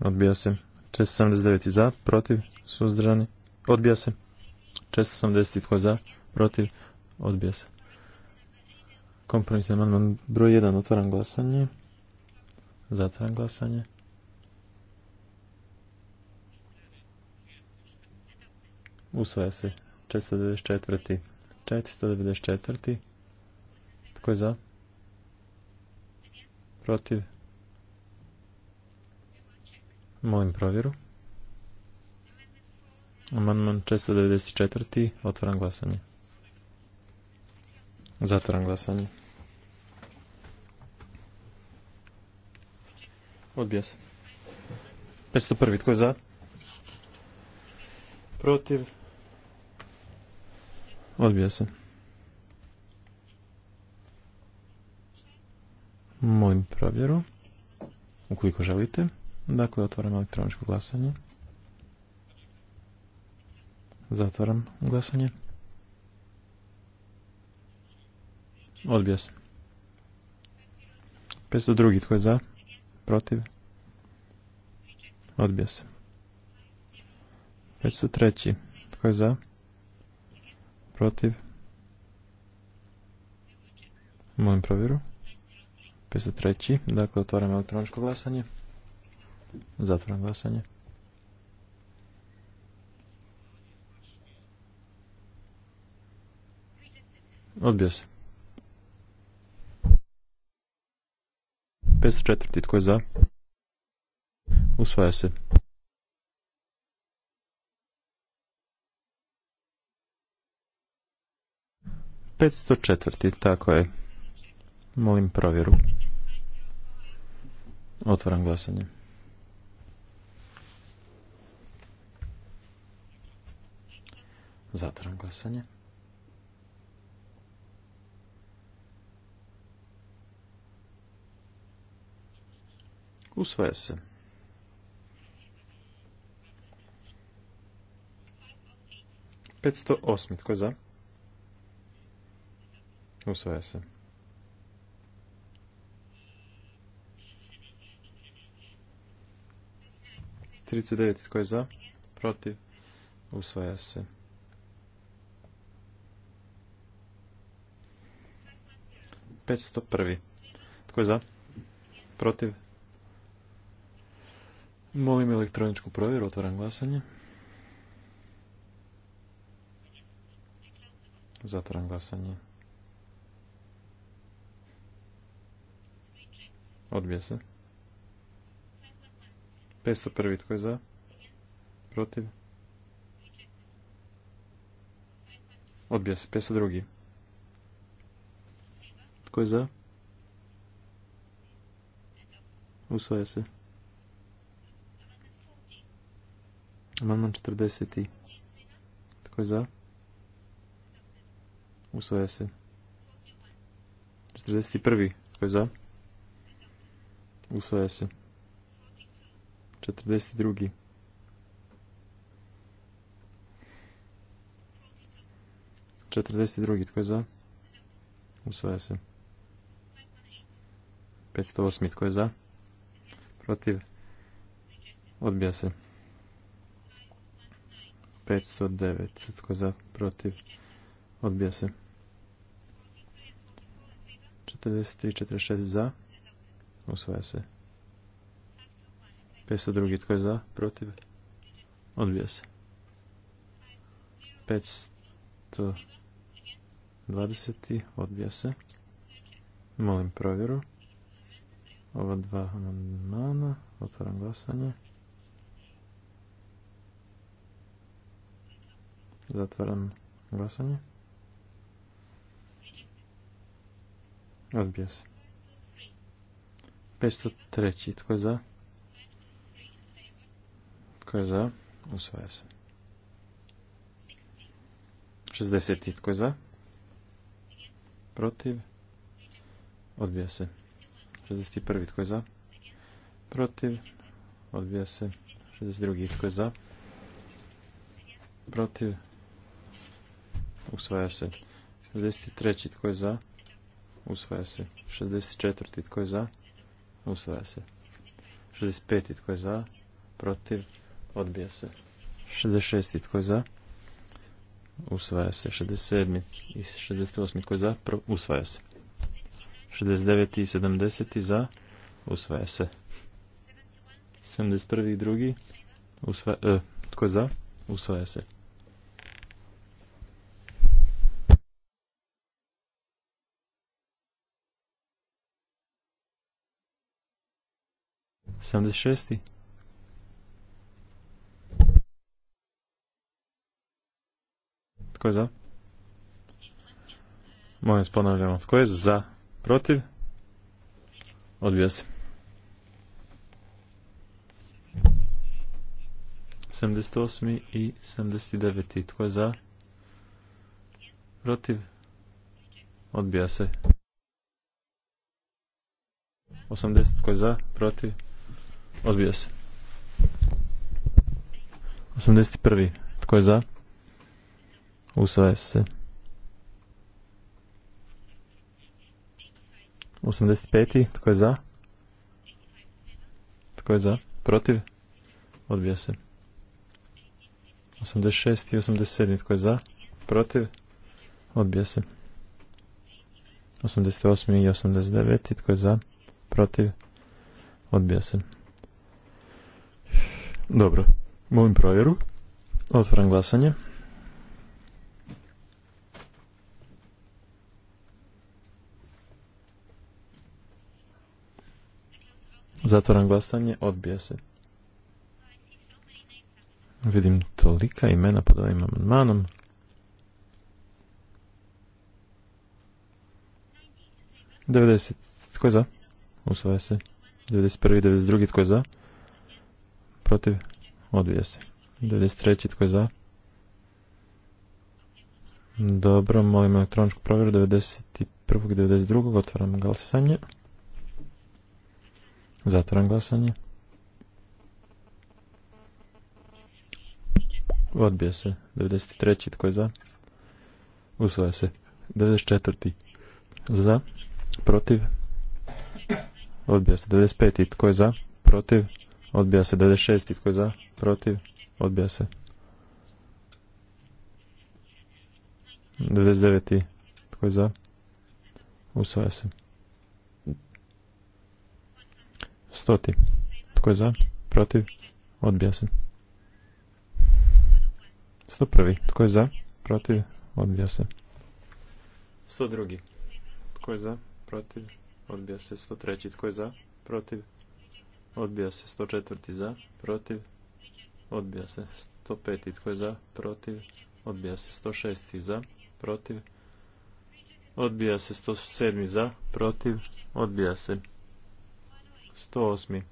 odbija se. devet za, protiv, suzdržani, odbija se. sedamdeset tko je za, protiv, odbija se. je amandman broj 1, otvaram glasanje, zatvaram glasanje. Usvaja se. 494. 494. Tko je za? Protiv? Molim provjeru. Amandman 494. Otvaram glasanje. Zatvaram glasanje. Odbija se. 501. Tko je za? Protiv? Protiv? Odbija se. Molim provjeru. Ukoliko želite. Dakle, otvaram elektroničko glasanje. Zatvaram glasanje. Odbija se. 502. Tko je za? Protiv? Odbija se. 503. Tko je za? Protiv? protiv. Molim provjeru. 503. Dakle, otvaram elektroničko glasanje. Zatvaram glasanje. Odbija se. 504. Tko je za? Usvaja se. 504. Tako je. Molim provjeru. Otvaram glasanje. Zatvaram glasanje. Usvaja se. 508. Tko je za? Usvaja se. Trideset devet tko je za? Protiv? Usvaja se. 501. Tko je za? Protiv? Molim elektroničku provjeru, otvaram glasanje. Zatvaram glasanje. Odbija se. 501. Tko je za? Protiv? Odbija se. 502. Tko je za? Usvaja se. Amandman 40. Tko je za? Usvaja se. 41. Tko je za? Usvaja se. 42. drugi, tko je za? Usvaja se. 508. Tko je za? Protiv? Odbija se. 509. Tko je za? Protiv? Odbija se. 43, 46 za. Usvaja se. 502. Tko je za? Protiv? Odbija se. 520. Odbija se. Molim provjeru. Ova dva amandmana. Otvaram glasanje. Zatvaram glasanje. Odbija se. 503. Tko je za? Tko je za? Usvaja se. 60. Tko je za? Protiv? Odbija se. 61. Tko je za? Protiv? Odbija se. 62. Tko je za? Protiv? Usvaja se. 63. Tko je za? Usvaja se. 64. Tko je za? Usvaja se. 65. Tko je za? Protiv? Odbija se. 66. Tko je za? Usvaja se. 67. i 68. Tko je za? Pro... Usvaja se. 69. i 70. za? Usvaja se. 71. i 2. Usvaja... E, tko je za? Usvaja se. 76. Tko je za? Molim ponavljamo. Tko je za? Protiv? Odbija se. 78. i 79. Tko je za? Protiv? Odbija se. 80. Tko je za? Protiv? Odbija se. 81. Tko je za? Usvaja se. 85. Tko je za? Tko je za? Protiv? Odbija se. 86. i 87. Tko je za? Protiv? Odbija se. 88. i 89. Tko je za? Protiv? Odbija se. Dobro, molim provjeru. Otvaram glasanje. Zatvaram glasanje, odbija se. Vidim tolika imena pod ovim amandmanom. 90. Tko je za? Usvaja se. 91. i 92. Tko je za? protiv? Odbija se. 93. Tko je za? Dobro, molim elektroničku provjeru 91. 92. Otvaram glasanje. Zatvaram glasanje. Odbija se. 93. Tko je za? Usvaja se. 94. Za? Protiv? Odbija se. 95. Tko je za? Protiv? Odbija se 96. Tko je za? Protiv? Odbija se. 99. Tko je za? Usvaja se. 100. Tko je za? Protiv? Odbija se. 101. Tko je za? Protiv? Odbija se. 102. Tko je za? Protiv? Odbija se. 103. Tko je za? Protiv? Odbija se 104. za, protiv. Odbija se 105. Tko je za, protiv. Odbija se 106. za, protiv. Odbija se 107. za, protiv. Odbija se 108.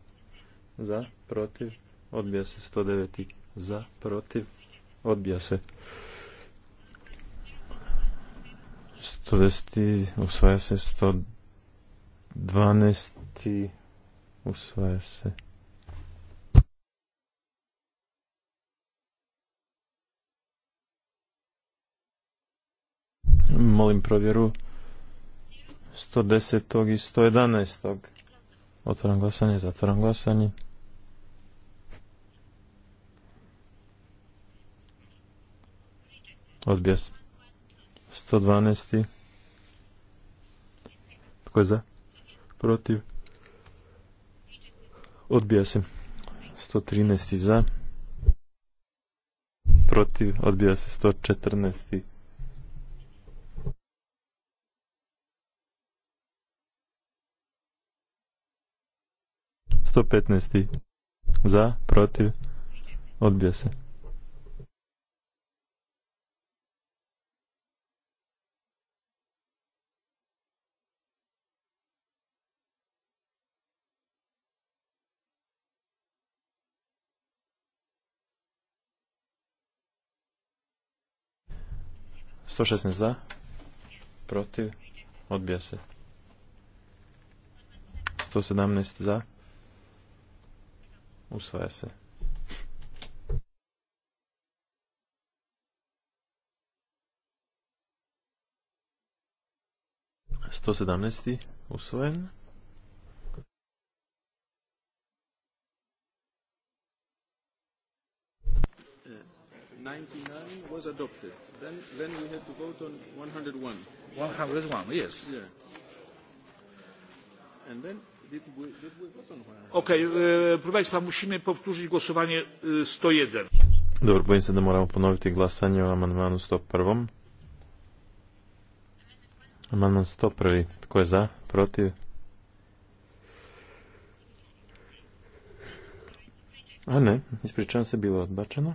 za, protiv. Odbija se 109. za, protiv. Odbija se 110. Usvaja se 112. Usvaja se. Molim provjeru 110. i 111. Otvaram glasanje, zatvaram glasanje. Odbija se. 112. Tko je za? Protiv. Odbija se. 113. za. Protiv. Odbija se 114. 115 za, protiv, odbija se. 116 za, protiv, odbija se. 117 za, usvaja se. 117. usvojen. 99 was adopted. Then, then we had to vote on 101. 101, yes. Yeah. And then did we, did we vote on 101? Okay, uh, proszę Państwa, musimy powtórzyć głosowanie 101. E, Dobro, bojim se da moramo ponoviti glasanje o amandmanu 101. Amandman 101. Tko je za? Protiv? A ne, ispričavam se, bilo odbačeno.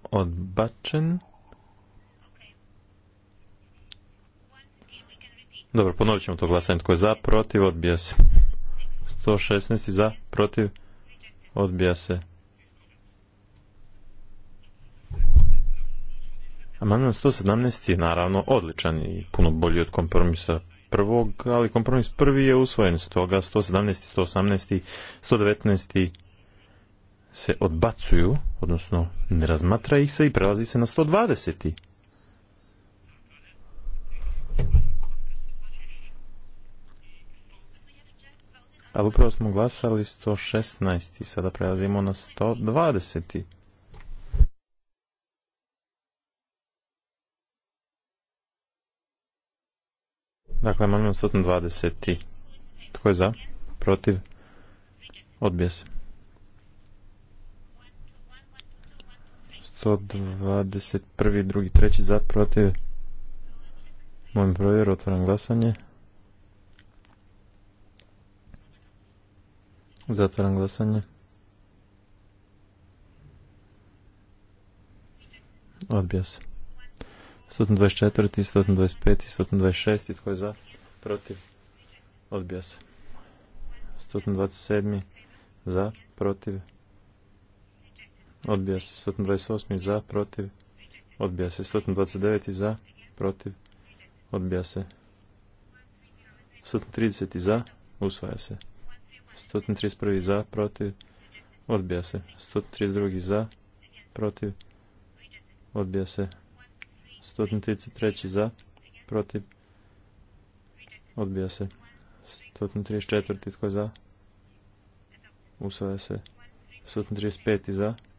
odbačen. Dobro, ponovit ćemo to glasanje. Tko je za, protiv, odbija se. 116 za, protiv, odbija se. Amandman 117 je naravno odličan i puno bolji od kompromisa prvog, ali kompromis prvi je usvojen stoga 117, 118, 119 se odbacuju, odnosno ne razmatra ih se i prelazi se na 120. Ali upravo smo glasali 116. Sada prelazimo na 120. Dakle, amandman 120. Tko je za? Protiv? Odbije se. 121. 2. 3. za protiv. mojim provjer, otvaram glasanje. Zatvaram glasanje. Odbija se. 124. 125. 126. Tko je za? Protiv. Odbija se. 127. Za. Protiv. Odbija se 128. za, protiv. Odbija se 129. za, protiv. Odbija se 130. za, usvaja se. 131. za, protiv. Odbija se 132. za, protiv. Odbija se 133. za, protiv. Odbija se 134. tko za. Usvaja se 135. za, protiv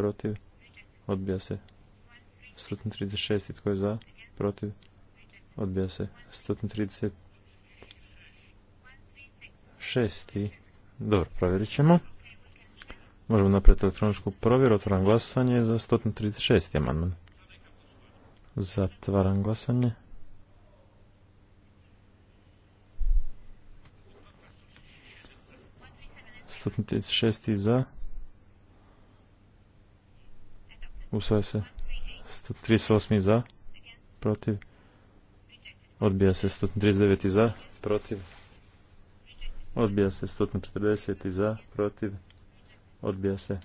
protiv, odbija se 136 i tko je za, protiv, odbija se 136. Dobro, provjerit ćemo. Možemo napraviti elektroničku provjeru, otvaram glasanje za 136. amandman. Zatvaram glasanje. šest za, Usvaja se. 138 za. Protiv. Odbija se 139 za. Protiv. Odbija se 140 za. Protiv. Odbija se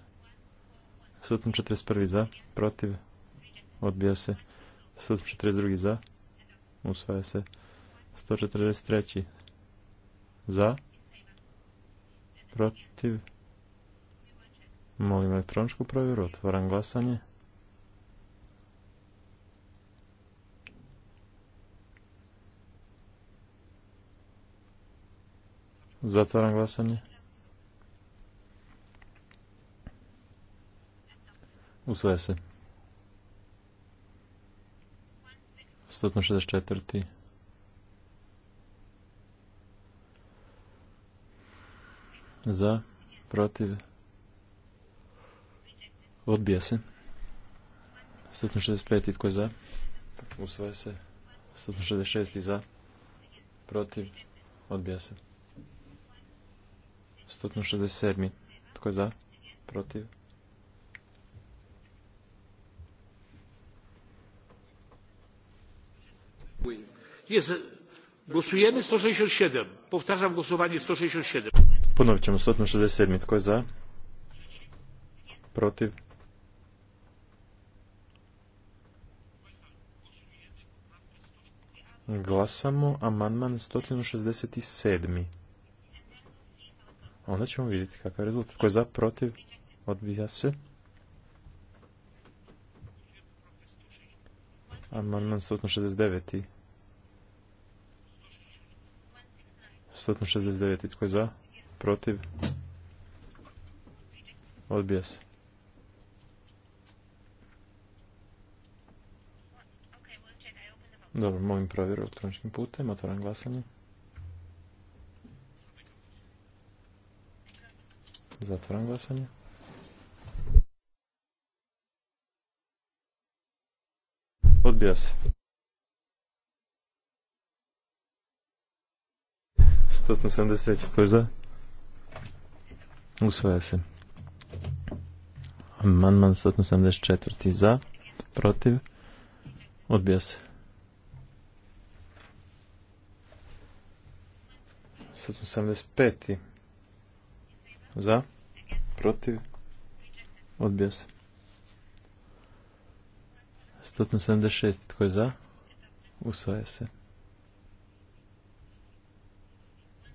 141 za. Protiv. Odbija se 142 za. Usvaja se 143 za. Protiv. Molim elektroničku provjeru. Otvoram glasanje. Zatvaram glasanje. Usvaja se. 164. Za, protiv. Odbija se. 165. Tko je za? Usvaja se. 166. Za, protiv. Odbija se. 167. Tko je za? Protiv? Jest, głosujemy 167. Powtarzam głosowanie 167. Ponovit 167. Tko je za? Protiv? Glasamo amandman 167. Onda ćemo vidjeti kakav je rezultat. Tko je za, protiv, odbija se. Amandman 169. 169. Tko je za? Protiv? Odbija se. Dobro, molim provjeru elektroničkim putem. Otvaram glasanje. Zatvaram glasanje. Odbija se. 173. Ko je za? Usvaja se. Amandman 174. Za. Protiv. Odbija se. 175. Za? Protiv? Odbija se. 176. Tko je za? Usvaja se.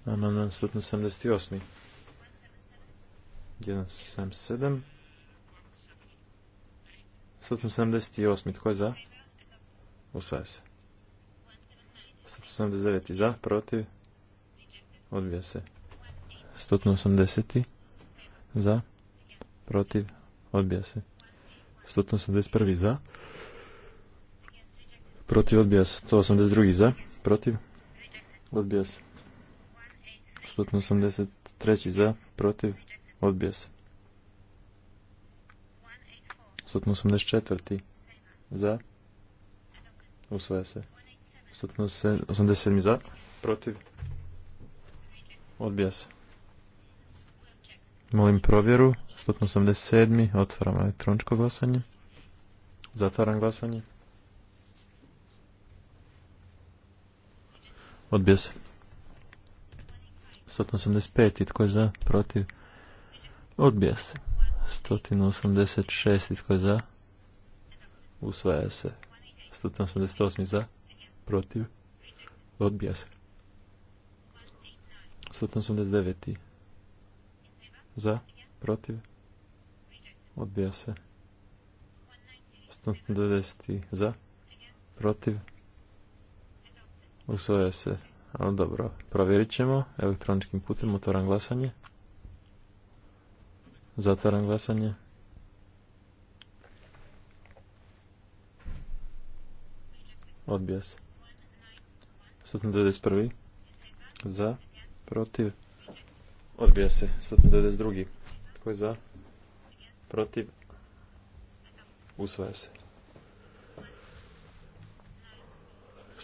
Amandman 178. 177. 178. Tko je za? Usvaja se. 179. Za? Protiv? Odbija se. 180. za, protiv, odbija se. 181. za, protiv, odbija se. 182. za, protiv, odbija se. 183. za, protiv, odbija se. 184. za, usvaja se. 187. za, protiv, odbija se. Molim provjeru. 187. Otvaram elektroničko glasanje. Zatvaram glasanje. Odbija se. 185. Tko je za? Protiv? Odbija se. 186. Tko je za? Usvaja se. 188. Za? Protiv? Odbija se. 189. Za? Protiv? Odbija se. 190. Za? Protiv? Usvoja se. Ali dobro, provjerit ćemo elektroničkim putem. Otvaram glasanje. Zatvaram glasanje. Odbija se. 191. Za? Protiv? Odbija se. 192. Tko je za? Protiv? Usvaja se.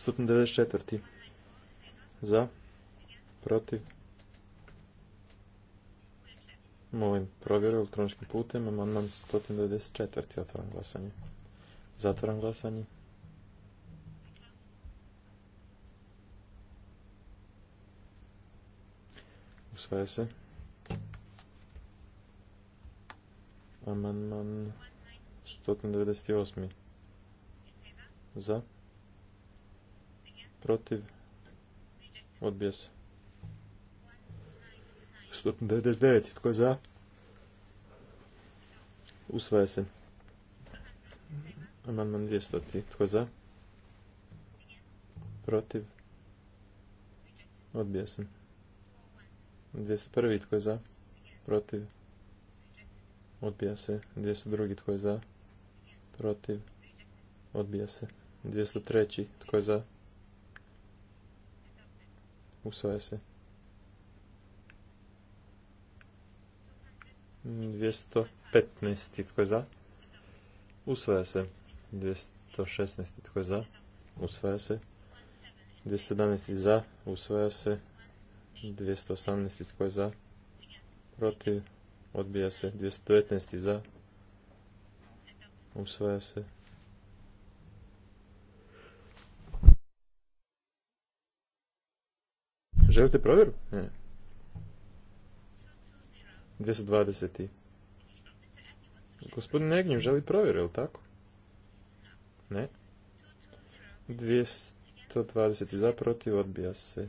194. Za? Protiv? Molim provjeru elektroničkim putem. Amandman 194. Otvaram glasanje. Zatvaram glasanje. Usvaja se. Amandman 198. Za. Protiv. Odbija se. 199. Tko je za? Usvaja se. Amandman 200. Tko je za? Protiv. Odbija se. 201. tko je za, protiv, odbija se. 202. tko je za, protiv, odbija se. 203. tko je za, usvaja se. 215. tko je za, usvaja se. 216. tko je za, usvaja se. 217. za, usvaja se. 218. tko je za? Protiv. Odbija se. 219. za. Usvaja se. Želite provjeru? Ne. 220. Gospodin Negnju želi provjeru, je li tako? Ne. 220. za protiv odbija se.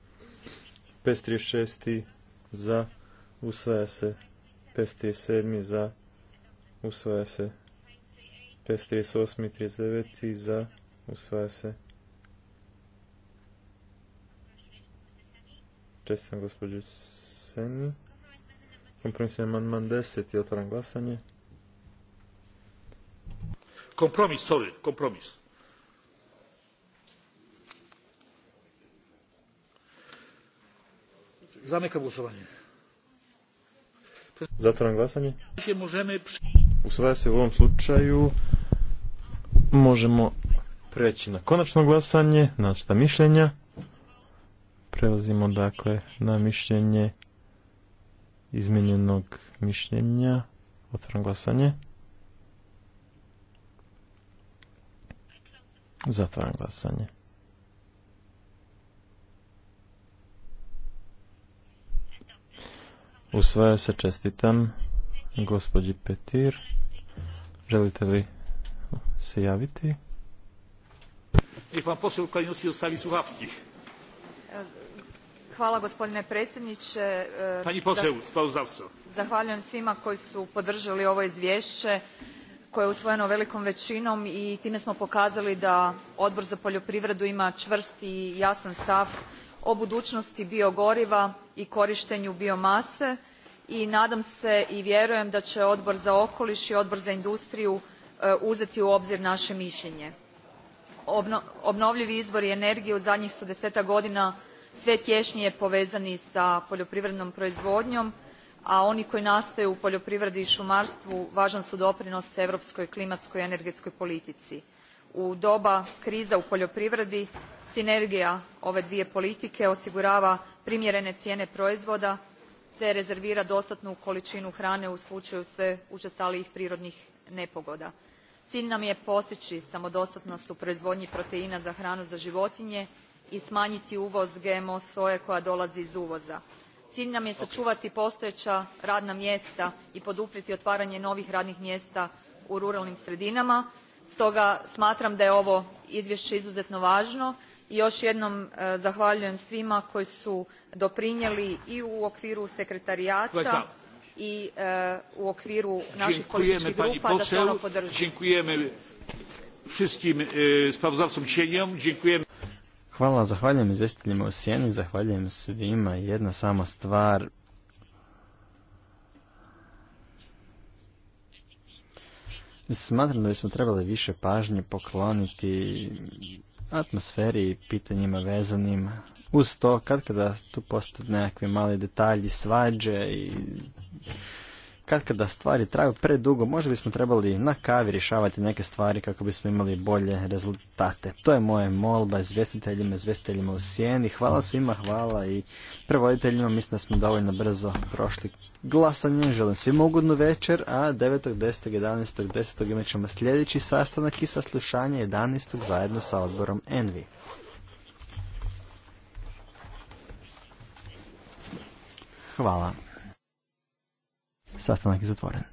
536 za, usvaja se. 537 za, usvaja se. 538 39 za, usvaja se. Čestam gospođu Seni. man man 10 i otvaram glasanje. Kompromis, sorry, kompromis. Zamykam głosowanie. Zatvaram glasanje. Usvaja se u ovom slučaju. Možemo preći na konačno glasanje, na mišljenja. Prelazimo dakle na mišljenje izmijenjenog mišljenja. Otvaram glasanje. Zatvaram glasanje. Usvaja se čestitam gospođi Petir. Želite li se javiti? Hvala gospodine predsjedniče. E, Zahvaljujem svima koji su podržali ovo izvješće koje je usvojeno velikom većinom i time smo pokazali da Odbor za poljoprivredu ima čvrst i jasan stav o budućnosti biogoriva i korištenju biomase i nadam se i vjerujem da će Odbor za okoliš i Odbor za industriju e, uzeti u obzir naše mišljenje. Obnovljivi izvori energije u zadnjih su desetak godina sve tješnije povezani sa poljoprivrednom proizvodnjom, a oni koji nastaju u poljoprivredi i šumarstvu važan su doprinos europskoj klimatskoj i energetskoj politici. U doba kriza u poljoprivredi sinergija ove dvije politike osigurava primjerene cijene proizvoda te rezervira dostatnu količinu hrane u slučaju sve učestalijih prirodnih nepogoda. cilj nam je postići samodostatnost u proizvodnji proteina za hranu za životinje i smanjiti uvoz gmo soje koja dolazi iz uvoza. cilj nam je sačuvati postojeća radna mjesta i poduprijeti otvaranje novih radnih mjesta u ruralnim sredinama stoga smatram da je ovo izvješće izuzetno važno još jednom e, zahvaljujem svima koji su doprinijeli i u okviru sekretarijata i e, u okviru naših političkih grupa da se ono podrži. E, Hvala, zahvaljujem u sjeni, zahvaljujem svima. Jedna samo stvar. Smatram da bismo trebali više pažnje pokloniti atmosferi i pitanjima vezanim uz to kad kada tu postoje nekakvi mali detalji, svađe i kad kada stvari traju predugo, možda bismo trebali na kavi rješavati neke stvari kako bismo imali bolje rezultate. To je moja molba izvjestiteljima, izvjestiteljima u sjeni. Hvala svima, hvala i prevoditeljima. Mislim da smo dovoljno brzo prošli glasanje. Želim svima ugodnu večer, a 9. 10. 11. 10. imat ćemo sljedeći sastanak i saslušanje 11. zajedno sa odborom Envi. Hvala. Sastanak je zatvoren.